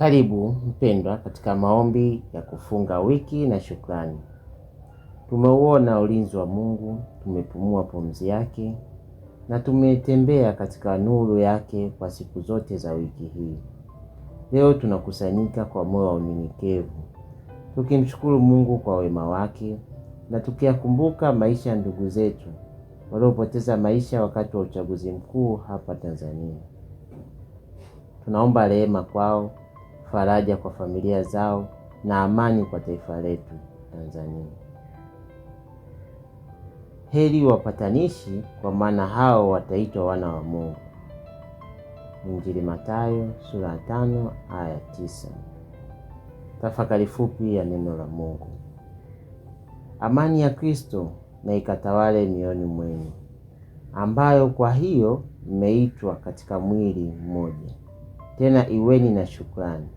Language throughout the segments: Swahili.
Karibu mpendwa, katika maombi ya kufunga wiki na shukrani. Tumeuona ulinzi wa Mungu, tumepumua pumzi yake na tumetembea katika nuru yake kwa siku zote za wiki hii. Leo tunakusanyika kwa moyo wa unyenyekevu, tukimshukuru Mungu kwa wema wake na tukiyakumbuka maisha ya ndugu zetu waliopoteza maisha wakati wa uchaguzi mkuu hapa Tanzania. Tunaomba rehema kwao faraja kwa familia zao na amani kwa taifa letu Tanzania. Heri wapatanishi, kwa maana hao wataitwa wana wa Mungu. Injili Mathayo sura ya tano aya tisa. Tafakari fupi ya neno la Mungu. Amani ya Kristo na ikatawale mioyoni mwenu, ambayo kwa hiyo mmeitwa katika mwili mmoja, tena iweni na shukrani.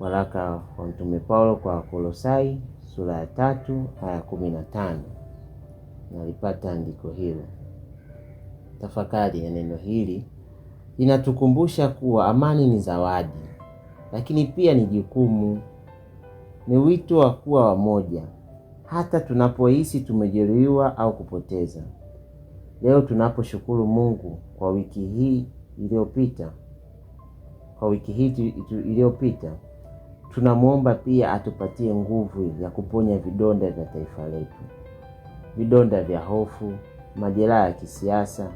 Waraka wa Mtume Paulo kwa Kolosai sura ya tatu aya kumi na tano. Nalipata andiko hilo. Tafakari ya neno hili inatukumbusha kuwa amani ni zawadi, lakini pia ni jukumu. Ni wito wa kuwa wamoja hata tunapohisi tumejeruhiwa au kupoteza. Leo tunaposhukuru Mungu kwa wiki hii iliyopita, kwa wiki hii iliyopita Tunamwomba pia atupatie nguvu ya kuponya vidonda vya taifa letu, vidonda vya hofu, majeraha ya kisiasa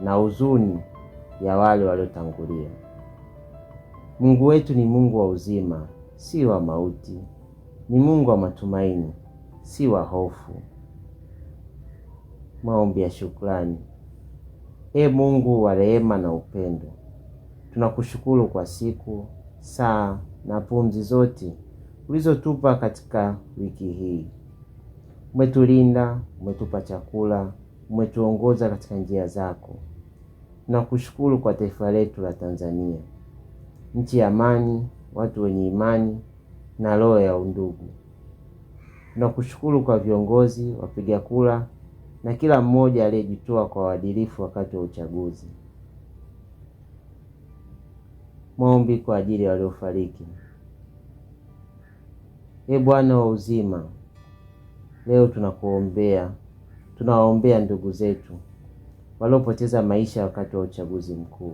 na huzuni ya wale waliotangulia. Mungu wetu ni Mungu wa uzima, si wa mauti. Ni Mungu wa matumaini, si wa hofu. Maombi ya shukrani. E Mungu wa rehema na upendo, tunakushukuru kwa siku, saa na pumzi zote ulizotupa katika wiki hii. Umetulinda, umetupa chakula, umetuongoza katika njia zako. Tunakushukuru kwa taifa letu la Tanzania, nchi ya amani, watu wenye imani na roho ya undugu. Tunakushukuru kwa viongozi, wapiga kura na kila mmoja aliyejitoa kwa uadilifu wakati wa uchaguzi. Maombi kwa ajili ya waliofariki. E Bwana wa uzima, leo tunakuombea, tunawaombea ndugu zetu waliopoteza maisha wakati wa uchaguzi mkuu.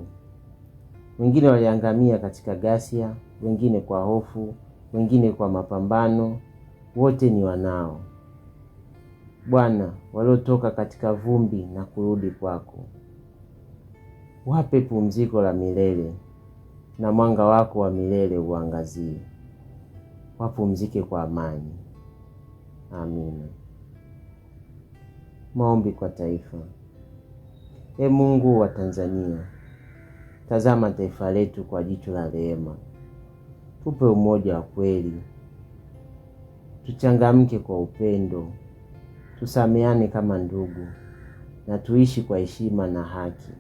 Wengine waliangamia katika ghasia, wengine kwa hofu, wengine kwa mapambano, wote ni wanao Bwana waliotoka katika vumbi na kurudi kwako. Wape pumziko la milele na mwanga wako wa milele uangazie wapumzike kwa amani. Amina. Maombi kwa taifa. E Mungu wa Tanzania, tazama taifa letu kwa jicho la rehema, tupe umoja wa kweli, tuchangamke kwa upendo, tusameane kama ndugu, na tuishi kwa heshima na haki.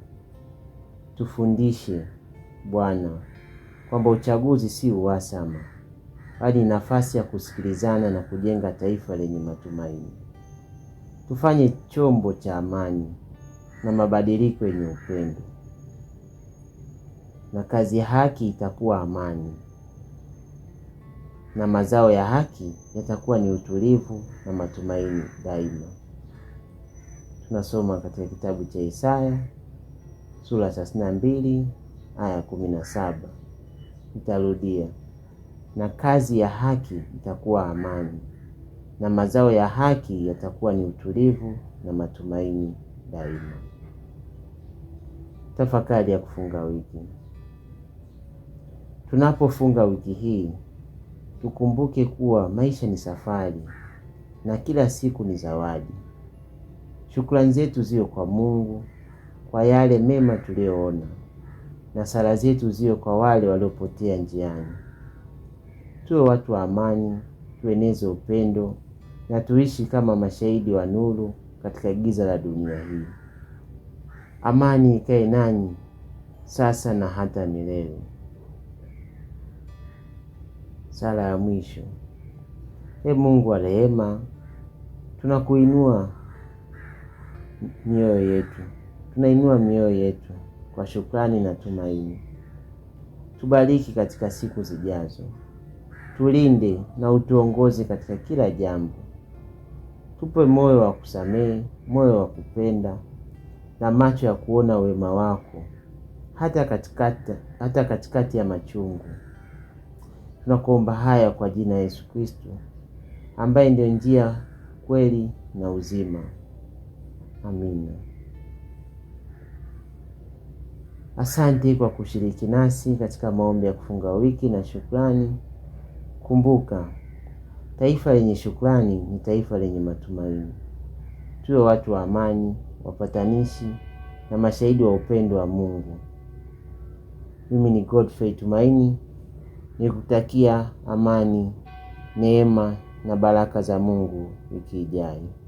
Tufundishe Bwana kwamba uchaguzi si uhasama hadi nafasi ya kusikilizana na kujenga taifa lenye matumaini. Tufanye chombo cha amani na mabadiliko yenye upendo, na kazi ya haki itakuwa amani, na mazao ya haki yatakuwa ni utulivu na matumaini daima. Tunasoma katika kitabu cha Isaya sura 32 aya 17. Nitarudia na kazi ya haki itakuwa amani, na mazao ya haki yatakuwa ni utulivu na matumaini daima. Tafakari ya kufunga wiki. Tunapofunga wiki hii, tukumbuke kuwa maisha ni safari na kila siku ni zawadi. Shukrani zetu ziwe kwa Mungu kwa yale mema tuliyoona, na sala zetu ziwe kwa wale waliopotea njiani tuwe watu wa amani, tueneze upendo na tuishi kama mashahidi wa nuru katika giza la dunia hii. Amani ikae nanyi sasa na hata milele. Sala ya mwisho. E Mungu wa rehema, tunakuinua mioyo yetu, tunainua mioyo yetu kwa shukrani na tumaini. Tubariki katika siku zijazo. Tulinde na utuongoze katika kila jambo. Tupe moyo wa kusamehe, moyo wa kupenda na macho ya kuona wema wako hata katikati, hata katikati ya machungu. Tunakuomba haya kwa jina Yesu Kristo ambaye ndio njia, kweli na uzima. Amina. Asante kwa kushiriki nasi katika maombi ya kufunga wiki na shukrani. Kumbuka, taifa lenye shukrani ni taifa lenye matumaini. Tuwe watu wa amani, wapatanishi na mashahidi wa upendo wa Mungu. Mimi ni Godfrey Tumaini, nikutakia amani, neema na baraka za Mungu wiki ijayo.